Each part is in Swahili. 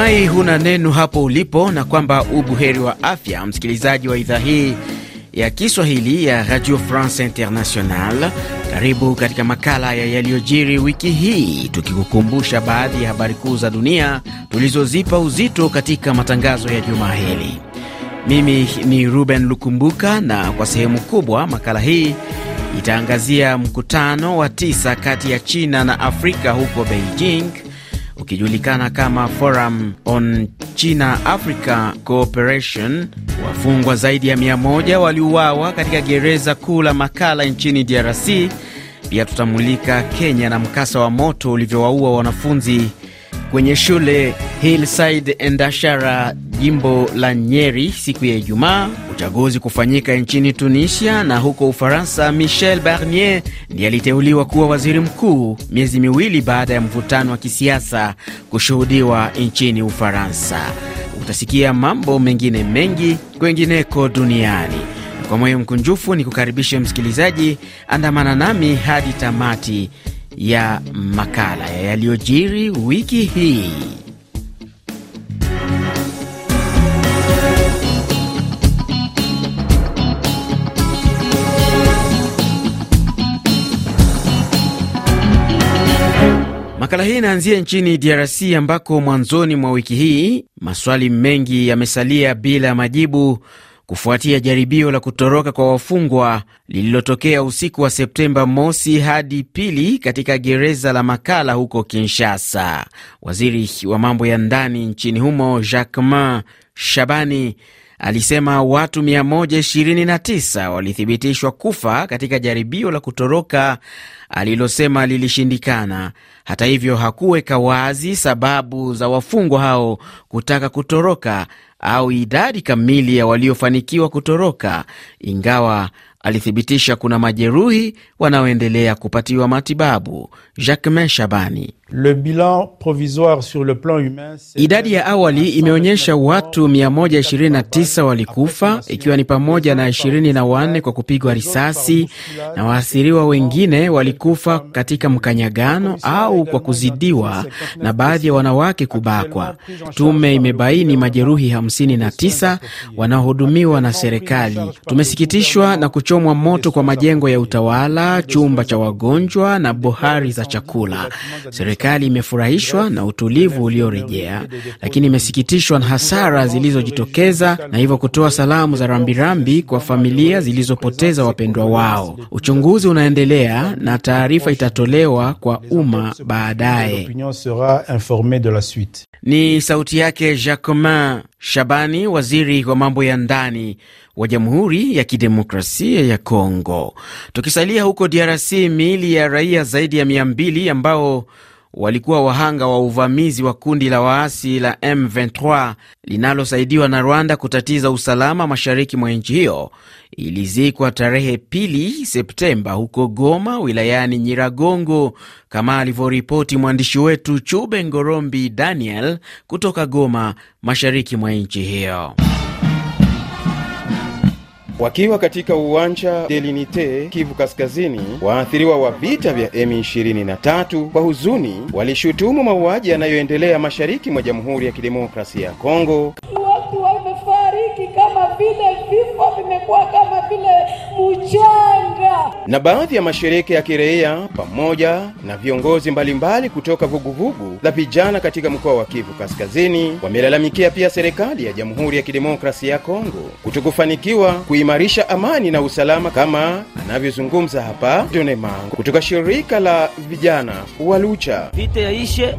Natumai huna neno hapo ulipo na kwamba ubuheri wa afya, msikilizaji wa idhaa hii ya Kiswahili ya Radio France International. Karibu katika makala ya yaliyojiri wiki hii, tukikukumbusha baadhi ya habari kuu za dunia tulizozipa uzito katika matangazo ya juma hili. Mimi ni Ruben Lukumbuka, na kwa sehemu kubwa makala hii itaangazia mkutano wa tisa kati ya China na Afrika huko Beijing ukijulikana kama Forum on China Africa Cooperation. Wafungwa zaidi ya 100 waliuawa katika gereza kuu la Makala nchini DRC. Pia tutamulika Kenya na mkasa wa moto ulivyowaua wanafunzi kwenye shule Hillside Endashara, jimbo la Nyeri, siku ya Ijumaa, uchaguzi kufanyika nchini Tunisia na huko Ufaransa, Michel Barnier ndiye aliteuliwa kuwa waziri mkuu miezi miwili baada ya mvutano wa kisiasa kushuhudiwa nchini Ufaransa. Utasikia mambo mengine mengi kwengineko duniani. Kwa moyo mkunjufu ni kukaribisha msikilizaji, andamana nami hadi tamati ya makala ya yaliyojiri wiki hii. Makala hii inaanzia nchini DRC ambako mwanzoni mwa wiki hii maswali mengi yamesalia bila majibu kufuatia jaribio la kutoroka kwa wafungwa lililotokea usiku wa Septemba mosi hadi pili katika gereza la Makala huko Kinshasa. Waziri wa mambo ya ndani nchini humo Jacquemain Shabani alisema watu 129 walithibitishwa kufa katika jaribio la kutoroka alilosema lilishindikana. Hata hivyo, hakuweka wazi sababu za wafungwa hao kutaka kutoroka au idadi kamili ya waliofanikiwa kutoroka, ingawa alithibitisha kuna majeruhi wanaoendelea kupatiwa matibabu. Jacquemain Shabani Le bilan provisoire sur le plan humain, idadi ya awali imeonyesha watu 129 walikufa ikiwa ni pamoja na 24 kwa kupigwa risasi na waathiriwa wengine walikufa katika mkanyagano au kwa kuzidiwa na baadhi ya wanawake kubakwa. Tume imebaini majeruhi 59 wanaohudumiwa na serikali. Tumesikitishwa na kuchomwa moto kwa majengo ya utawala, chumba cha wagonjwa na bohari za chakula. Serikali Serikali imefurahishwa na utulivu uliorejea, lakini imesikitishwa na hasara zilizojitokeza na hivyo kutoa salamu za rambirambi kwa familia zilizopoteza wapendwa wao. Uchunguzi unaendelea na taarifa itatolewa kwa umma baadaye. Ni sauti yake Jacquemin Shabani, waziri wa mambo ya ndani wa Jamhuri ya Kidemokrasia ya Kongo. Tukisalia huko DRC, miili ya raia zaidi ya mia mbili ambao walikuwa wahanga wa uvamizi wa kundi la waasi la M23 linalosaidiwa na Rwanda kutatiza usalama mashariki mwa nchi hiyo ilizikwa tarehe pili Septemba huko Goma wilayani Nyiragongo, kama alivyoripoti mwandishi wetu Chube Ngorombi Daniel kutoka Goma, mashariki mwa nchi hiyo. Wakiwa katika uwanja Delinite, Kivu Kaskazini, waathiriwa wa vita vya M23 kwa huzuni walishutumu mauaji yanayoendelea mashariki mwa Jamhuri ya Kidemokrasia ya Kongo. Watu wamefariki kama vile, vifo vimekuwa kama vile mchana na baadhi ya mashirika ya kiraia pamoja na viongozi mbalimbali mbali kutoka vuguvugu la vijana katika mkoa wa Kivu Kaskazini wamelalamikia pia serikali ya Jamhuri ya Kidemokrasia ya Kongo kutokufanikiwa kuimarisha amani na usalama, kama anavyozungumza hapa Donemango kutoka shirika la vijana wa Lucha. vite yaishe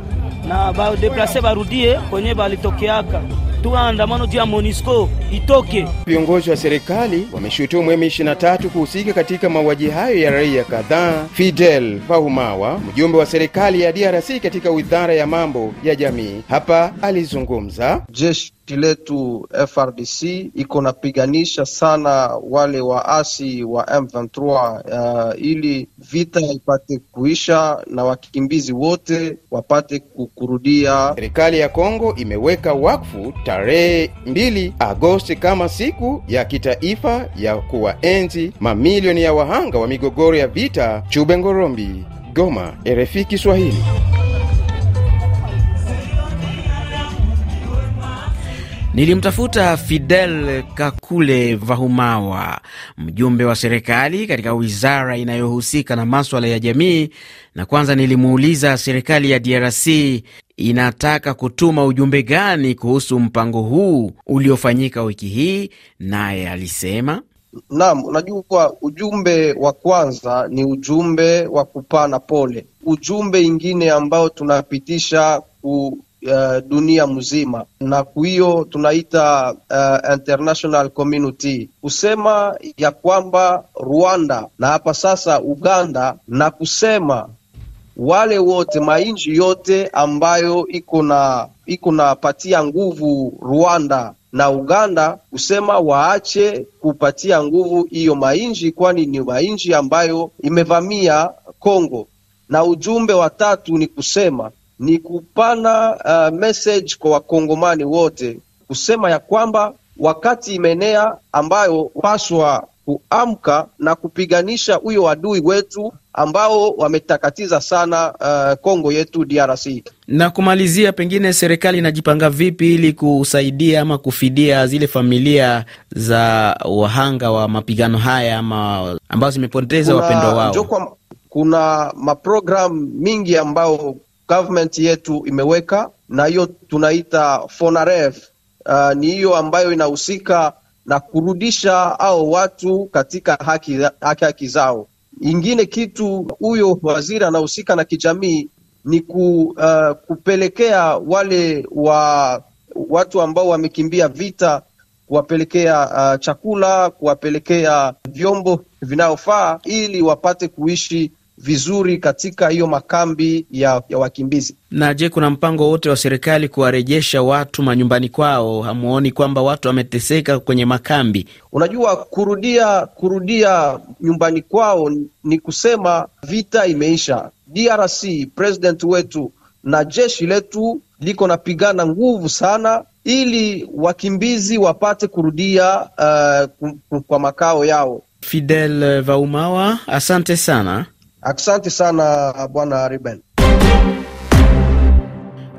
na badeplase barudie kwenye balitokeaka tuwe andamano ya Monisco itoke. Viongozi wa serikali wameshutumu M23 kuhusika katika mauaji hayo ya raia kadhaa. Fidel Paumawa, mjumbe wa serikali ya DRC katika wizara ya mambo ya jamii, hapa alizungumza jeshi jeshi letu FRDC iko napiganisha sana wale waasi wa M23 uh, ili vita ipate kuisha na wakimbizi wote wapate kukurudia. Serikali ya Kongo imeweka wakfu tarehe 2 Agosti kama siku ya kitaifa ya kuwaenzi mamilioni ya wahanga wa migogoro ya vita. Chube Ngorombi, Goma, RFI Kiswahili. Nilimtafuta Fidel Kakule Vahumawa, mjumbe wa serikali katika wizara inayohusika na maswala ya jamii, na kwanza nilimuuliza serikali ya DRC inataka kutuma ujumbe gani kuhusu mpango huu uliofanyika wiki hii, naye alisema Naam, unajua ujumbe wa kwanza ni ujumbe wa kupana pole. Ujumbe ingine ambao tunapitisha ku uh, dunia mzima, na hiyo tunaita uh, international community kusema ya kwamba Rwanda na hapa sasa Uganda na kusema wale wote mainji yote ambayo iko na iko napatia nguvu Rwanda na Uganda kusema waache kupatia nguvu hiyo mainji, kwani ni mainji ambayo imevamia Kongo. Na ujumbe wa tatu ni kusema ni kupana uh, message kwa wakongomani wote kusema ya kwamba wakati imenea ambayo paswa kuamka na kupiganisha huyo adui wetu ambao wametakatiza sana uh, Kongo yetu DRC. Na kumalizia, pengine serikali inajipanga vipi ili kusaidia ama kufidia zile familia za wahanga wa mapigano haya ama ambao zimepoteza wapendwa wao? Kuna maprogramu mingi ambao government yetu imeweka, na hiyo tunaita FONAREF. Uh, ni hiyo ambayo inahusika na kurudisha au watu katika haki, haki, haki zao. Ingine kitu huyo waziri anahusika na kijamii ni ku, uh, kupelekea wale wa watu ambao wamekimbia vita kuwapelekea uh, chakula, kuwapelekea vyombo vinaofaa ili wapate kuishi vizuri katika hiyo makambi ya, ya wakimbizi. Na je, kuna mpango wote wa serikali kuwarejesha watu manyumbani kwao? Hamuoni kwamba watu wameteseka kwenye makambi? Unajua, kurudia kurudia nyumbani kwao ni kusema vita imeisha. DRC, president wetu na jeshi letu liko napigana nguvu sana ili wakimbizi wapate kurudia uh, kwa makao yao. Fidel Vaumawa, asante sana. Asante sana bwana riben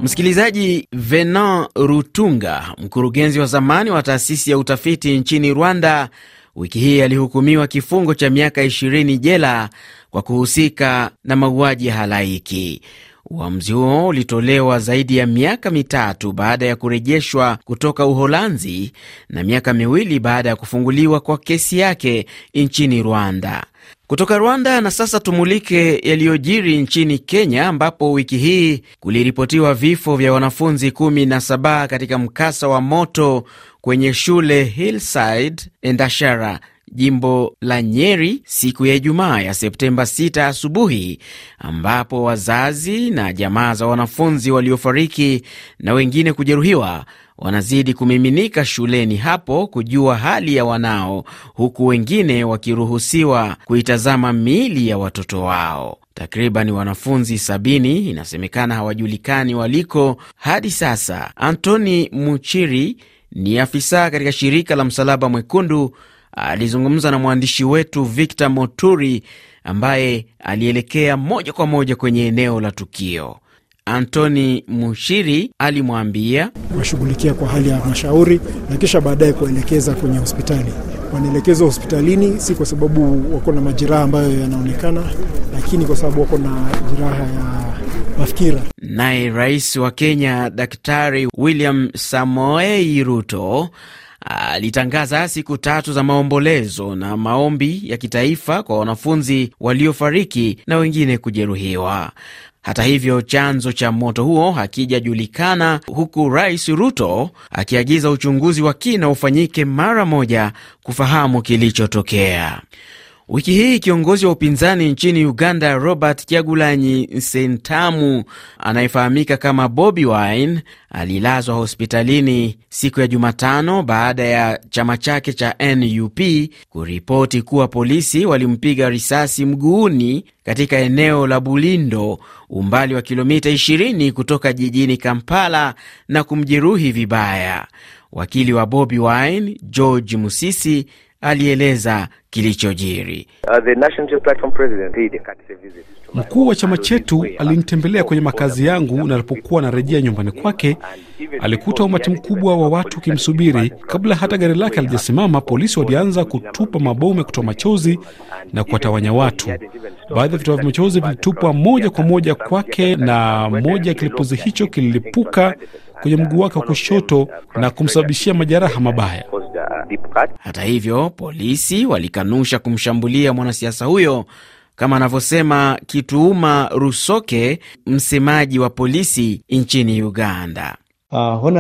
Msikilizaji, Venant Rutunga, mkurugenzi wa zamani wa taasisi ya utafiti nchini Rwanda, wiki hii alihukumiwa kifungo cha miaka 20 jela kwa kuhusika na mauaji ya halaiki. Uamuzi huo ulitolewa zaidi ya miaka mitatu baada ya kurejeshwa kutoka Uholanzi na miaka miwili baada ya kufunguliwa kwa kesi yake nchini Rwanda. Kutoka Rwanda na sasa tumulike yaliyojiri nchini Kenya ambapo wiki hii kuliripotiwa vifo vya wanafunzi 17 katika mkasa wa moto kwenye shule Hillside Endashara jimbo la Nyeri siku ya Ijumaa ya Septemba 6 asubuhi, ambapo wazazi na jamaa za wanafunzi waliofariki na wengine kujeruhiwa wanazidi kumiminika shuleni hapo kujua hali ya wanao, huku wengine wakiruhusiwa kuitazama miili ya watoto wao. Takriban wanafunzi sabini inasemekana hawajulikani waliko hadi sasa. Antoni Muchiri ni afisa katika shirika la Msalaba Mwekundu alizungumza na mwandishi wetu Victor Moturi ambaye alielekea moja kwa moja kwenye eneo la tukio. Antoni Mushiri alimwambia kuwashughulikia kwa hali ya halmashauri na kisha baadaye kuelekeza kwenye hospitali. Wanaelekezwa hospitalini si kwa sababu wako na majeraha ambayo yanaonekana, lakini kwa sababu wako na jeraha ya mafikira. Naye rais wa Kenya Daktari William Samoei Ruto alitangaza siku tatu za maombolezo na maombi ya kitaifa kwa wanafunzi waliofariki na wengine kujeruhiwa. Hata hivyo, chanzo cha moto huo hakijajulikana, huku Rais Ruto akiagiza uchunguzi wa kina ufanyike mara moja kufahamu kilichotokea. Wiki hii kiongozi wa upinzani nchini Uganda, Robert Kyagulanyi sentamu anayefahamika kama Bobi Wine alilazwa hospitalini siku ya Jumatano baada ya chama chake cha NUP kuripoti kuwa polisi walimpiga risasi mguuni katika eneo la Bulindo, umbali wa kilomita 20 kutoka jijini Kampala, na kumjeruhi vibaya. Wakili wa Bobi Wine George Musisi alieleza kilichojiri. Uh, mkuu wa chama chetu alinitembelea kwenye makazi yangu, na alipokuwa anarejea nyumbani kwake alikuta umati mkubwa wa watu ukimsubiri. Kabla hata gari lake alijasimama, polisi walianza kutupa mabomu ya kutoa machozi na kuwatawanya watu. Baadhi ya vitoa vya machozi vilitupwa moja kwa moja kwake, na moja ya kilipuzi hicho kililipuka kwenye mguu wake wa kushoto na kumsababishia majeraha mabaya. Hata hivyo polisi walika amekanusha kumshambulia mwanasiasa huyo kama anavyosema Kituuma Rusoke, msemaji wa polisi nchini Uganda. Uh,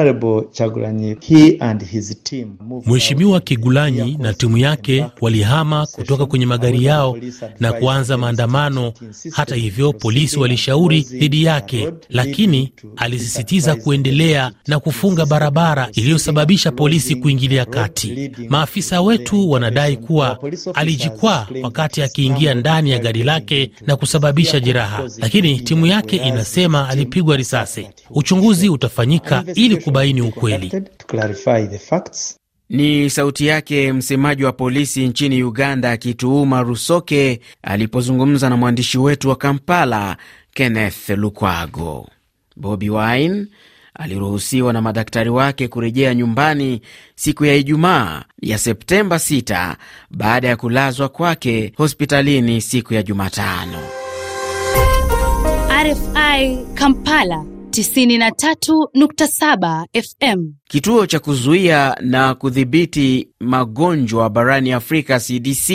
Mheshimiwa Kigulanyi na timu yake walihama kutoka kwenye magari yao na kuanza maandamano. Hata hivyo, polisi walishauri dhidi yake, lakini alisisitiza kuendelea na kufunga barabara iliyosababisha polisi kuingilia kati. Maafisa wetu wanadai kuwa alijikwaa wakati akiingia ndani ya gari lake na kusababisha jeraha, lakini timu yake inasema alipigwa risasi. Uchunguzi utafanyika ili kubaini ukweli. Ni sauti yake msemaji wa polisi nchini Uganda akituuma Rusoke alipozungumza na mwandishi wetu wa Kampala Kenneth Lukwago. Bobi Wine aliruhusiwa na madaktari wake kurejea nyumbani siku ya Ijumaa ya Septemba 6 baada ya kulazwa kwake hospitalini siku ya Jumatano. RFI Kampala 93.7 FM. Kituo cha kuzuia na kudhibiti magonjwa barani Afrika CDC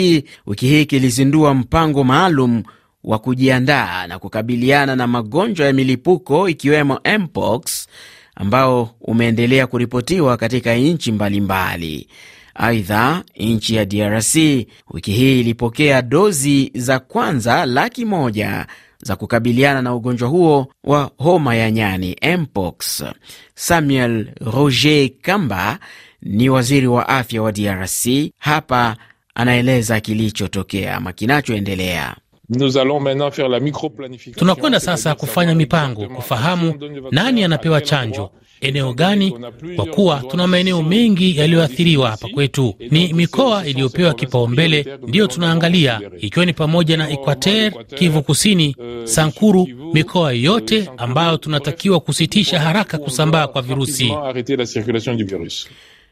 wiki hii kilizindua mpango maalum wa kujiandaa na kukabiliana na magonjwa ya milipuko ikiwemo mpox ambao umeendelea kuripotiwa katika nchi mbalimbali. Aidha, nchi ya DRC wiki hii ilipokea dozi za kwanza laki moja za kukabiliana na ugonjwa huo wa homa ya nyani mpox. Samuel Roger Kamba ni waziri wa afya wa DRC. Hapa anaeleza kilichotokea ama kinachoendelea. Tunakwenda sasa kufanya mipango kufahamu nani anapewa chanjo, eneo gani? Kwa kuwa tuna maeneo mengi yaliyoathiriwa hapa kwetu. Ni mikoa iliyopewa kipaumbele ndiyo tunaangalia, ikiwa ni pamoja na Equateur, Kivu Kusini, Sankuru, mikoa yote ambayo tunatakiwa kusitisha haraka kusambaa kwa virusi.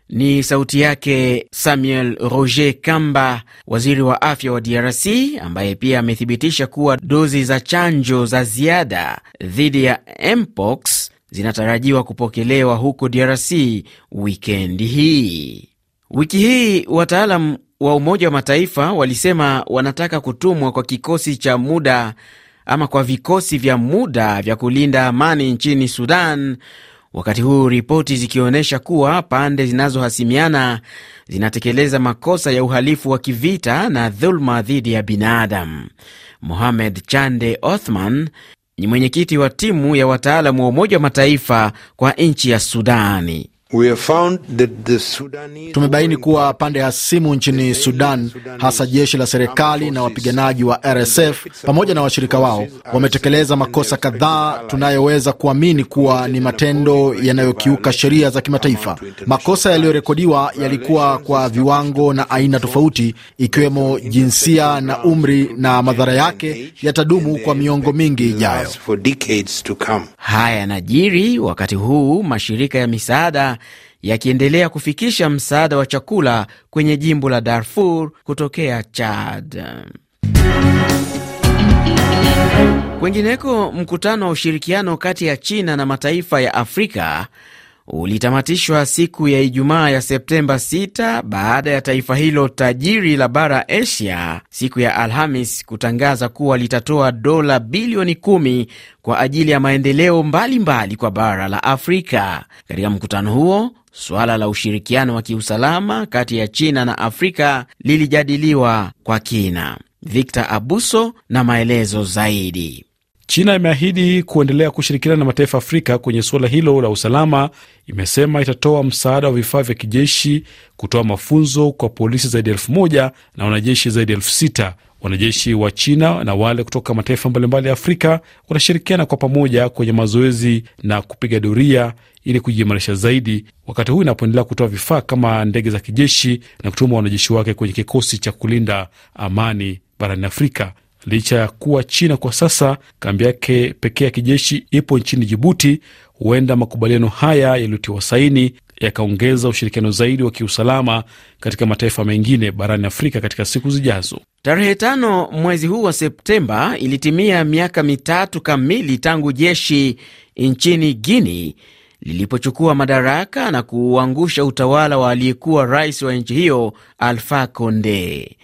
Ni sauti yake Samuel Roger Kamba, waziri wa afya wa DRC, ambaye pia amethibitisha kuwa dozi za chanjo za ziada dhidi ya mpox zinatarajiwa kupokelewa huko DRC wikendi hii. Wiki hii wataalam wa Umoja wa Mataifa walisema wanataka kutumwa kwa kikosi cha muda ama kwa vikosi vya muda vya kulinda amani nchini Sudan, wakati huu ripoti zikionyesha kuwa pande zinazohasimiana zinatekeleza makosa ya uhalifu wa kivita na dhuluma dhidi ya binadamu. Mohamed Chande Othman ni mwenyekiti wa timu ya wataalamu wa Umoja wa Mataifa kwa nchi ya Sudani. Tumebaini kuwa pande hasimu nchini Sudan, hasa jeshi la serikali na wapiganaji wa RSF pamoja na washirika wao, wametekeleza makosa kadhaa tunayoweza kuamini kuwa ni matendo yanayokiuka sheria za kimataifa. Makosa yaliyorekodiwa yalikuwa kwa viwango na aina tofauti, ikiwemo jinsia na umri, na madhara yake yatadumu kwa miongo mingi ijayo. Haya yanajiri wakati huu mashirika ya misaada yakiendelea kufikisha msaada wa chakula kwenye jimbo la Darfur kutokea Chad. Kwengineko, mkutano wa ushirikiano kati ya China na mataifa ya Afrika ulitamatishwa siku ya Ijumaa ya Septemba 6 baada ya taifa hilo tajiri la bara Asia siku ya Alhamis kutangaza kuwa litatoa dola bilioni 10 kwa ajili ya maendeleo mbalimbali mbali kwa bara la Afrika. Katika mkutano huo, suala la ushirikiano wa kiusalama kati ya China na Afrika lilijadiliwa kwa kina. Victor Abuso na maelezo zaidi. China imeahidi kuendelea kushirikiana na mataifa Afrika kwenye suala hilo la usalama. Imesema itatoa msaada wa vifaa vya kijeshi, kutoa mafunzo kwa polisi zaidi ya elfu moja na wanajeshi zaidi ya elfu sita. Wanajeshi wa China na wale kutoka mataifa mbalimbali ya Afrika wanashirikiana kwa pamoja kwenye mazoezi na kupiga doria ili kujiimarisha zaidi, wakati huu inapoendelea kutoa vifaa kama ndege za kijeshi na kutuma wanajeshi wake kwenye kikosi cha kulinda amani barani Afrika licha ya kuwa China kwa sasa kambi yake pekee ya kijeshi ipo nchini Jibuti. Huenda makubaliano haya yaliyotiwa saini yakaongeza ushirikiano zaidi wa kiusalama katika mataifa mengine barani Afrika katika siku zijazo. Tarehe tano mwezi huu wa Septemba ilitimia miaka mitatu kamili tangu jeshi nchini Guini lilipochukua madaraka na kuuangusha utawala wa aliyekuwa rais wa nchi hiyo Alfa Conde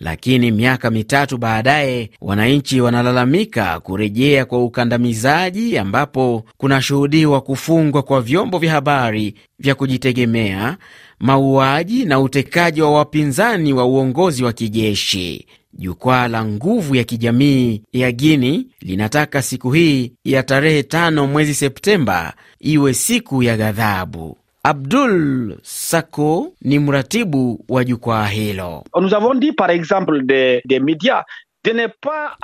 lakini miaka mitatu baadaye wananchi wanalalamika kurejea kwa ukandamizaji, ambapo kunashuhudiwa kufungwa kwa vyombo vya habari vya kujitegemea, mauaji na utekaji wa wapinzani wa uongozi wa kijeshi. Jukwaa la Nguvu ya Kijamii ya Guini linataka siku hii ya tarehe tano mwezi Septemba iwe siku ya ghadhabu. Abdul Sako ni mratibu wa jukwaa hilo. Nous avons dit par exemple des, des médias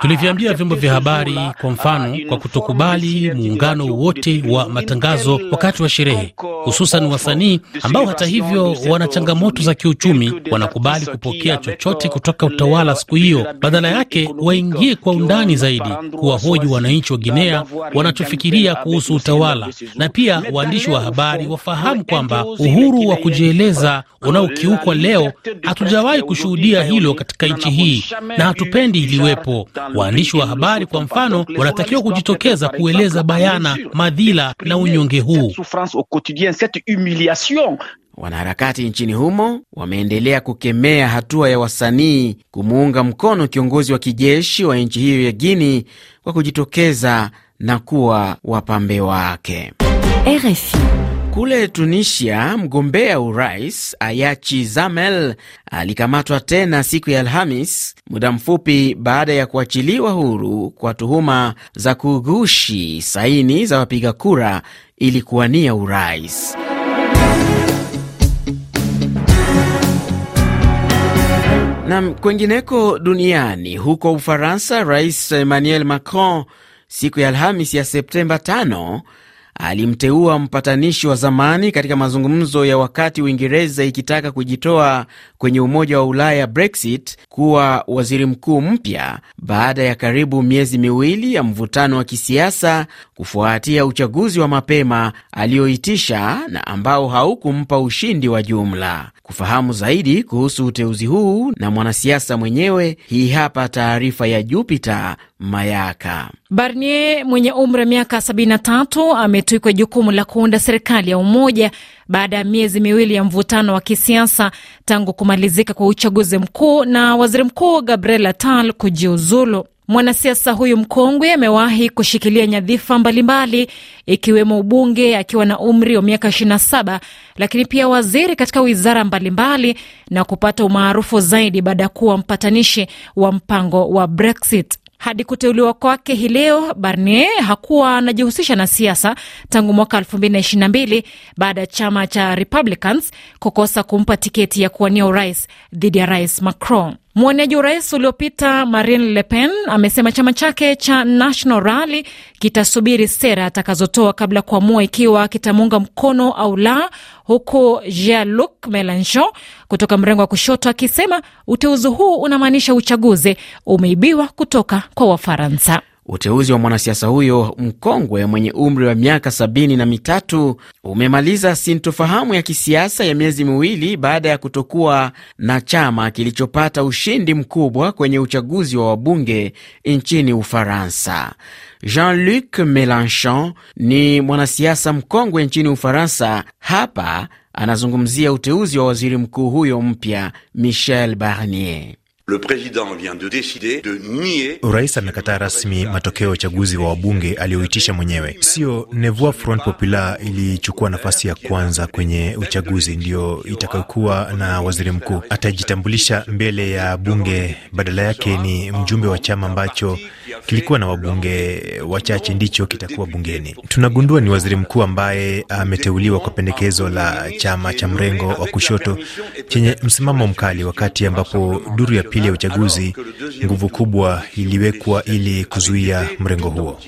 Tuliviambia vyombo vya habari, kwa mfano, kwa kutokubali muungano wote wa matangazo wakati wa sherehe, hususan wasanii ambao hata hivyo wana changamoto za kiuchumi, wanakubali kupokea chochote kutoka utawala siku hiyo. Badala yake waingie kwa undani zaidi kuwahoji wananchi wa Guinea wanachofikiria kuhusu utawala, na pia waandishi wa habari wafahamu kwamba uhuru wa kujieleza unaokiukwa leo, hatujawahi kushuhudia hilo katika nchi hii na hatupendi ikiwepo. Waandishi wa habari kwa mfano, wanatakiwa kujitokeza kueleza bayana madhila na unyonge huu. Wanaharakati nchini humo wameendelea kukemea hatua ya wasanii kumuunga mkono kiongozi wa kijeshi wa nchi hiyo ya Guini kwa kujitokeza na kuwa wapambe wake RFI. Kule Tunisia, mgombea urais Ayachi Zamel alikamatwa tena siku ya Alhamis, muda mfupi baada ya kuachiliwa huru kwa tuhuma za kugushi saini za wapiga kura ili kuwania urais. Nam, kwengineko duniani, huko Ufaransa, Rais Emmanuel Macron siku ya Alhamis ya Septemba tano alimteua mpatanishi wa zamani katika mazungumzo ya wakati Uingereza ikitaka kujitoa kwenye Umoja wa Ulaya, Brexit, kuwa waziri mkuu mpya baada ya karibu miezi miwili ya mvutano wa kisiasa kufuatia uchaguzi wa mapema aliyoitisha na ambao haukumpa ushindi wa jumla. Kufahamu zaidi kuhusu uteuzi huu na mwanasiasa mwenyewe, hii hapa taarifa ya Jupiter Mayaka. Barnier mwenye umri wa miaka tatu ametwikwa jukumu la kuunda serikali ya umoja baada ya miezi miwili ya mvutano wa kisiasa tangu kumalizika kwa uchaguzi mkuu na waziri mkuu Gabriel Attal kujiuzulu. Mwanasiasa huyu mkongwe amewahi kushikilia nyadhifa mbalimbali ikiwemo ubunge akiwa na umri wa miaka 27, lakini pia waziri katika wizara mbalimbali na kupata umaarufu zaidi baada ya kuwa mpatanishi wa mpango wa Brexit. Hadi kuteuliwa kwake hii leo, Barnier hakuwa anajihusisha na siasa tangu mwaka 2022 baada ya chama cha Republicans kukosa kumpa tiketi ya kuwania urais dhidi ya Rais Macron. Mwenyeji urais uliopita Marine Le Pen amesema chama chake cha National Rally kitasubiri sera atakazotoa kabla ya kuamua ikiwa kitamuunga mkono au la, huku Jean-Luc Melenchon kutoka mrengo wa kushoto akisema uteuzi huu unamaanisha uchaguzi umeibiwa kutoka kwa Wafaransa. Uteuzi wa mwanasiasa huyo mkongwe mwenye umri wa miaka sabini na mitatu umemaliza sintofahamu ya kisiasa ya miezi miwili baada ya kutokuwa na chama kilichopata ushindi mkubwa kwenye uchaguzi wa wabunge nchini Ufaransa. Jean-Luc Melenchon ni mwanasiasa mkongwe nchini Ufaransa. Hapa anazungumzia uteuzi wa waziri mkuu huyo mpya Michel Barnier. Rais amekataa rasmi matokeo ya uchaguzi wa wabunge aliyoitisha mwenyewe. Sio Nouveau Front Populaire ilichukua nafasi ya kwanza kwenye uchaguzi, ndiyo itakayokuwa na waziri mkuu, atajitambulisha mbele ya bunge. Badala yake ni mjumbe wa chama ambacho kilikuwa na wabunge wachache ndicho kitakuwa bungeni. Tunagundua ni waziri mkuu ambaye ameteuliwa kwa pendekezo la chama cha mrengo wa kushoto chenye msimamo mkali, wakati ambapo duru ya pili ya uchaguzi, nguvu kubwa iliwekwa ili kuzuia mrengo huo.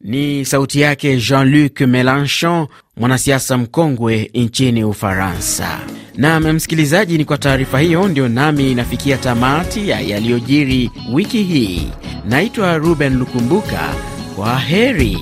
Ni sauti yake Jean-Luc Melenchon, mwanasiasa mkongwe nchini Ufaransa. Nam msikilizaji, ni kwa taarifa hiyo ndio nami inafikia tamati ya yaliyojiri wiki hii. Naitwa Ruben Lukumbuka, kwa heri.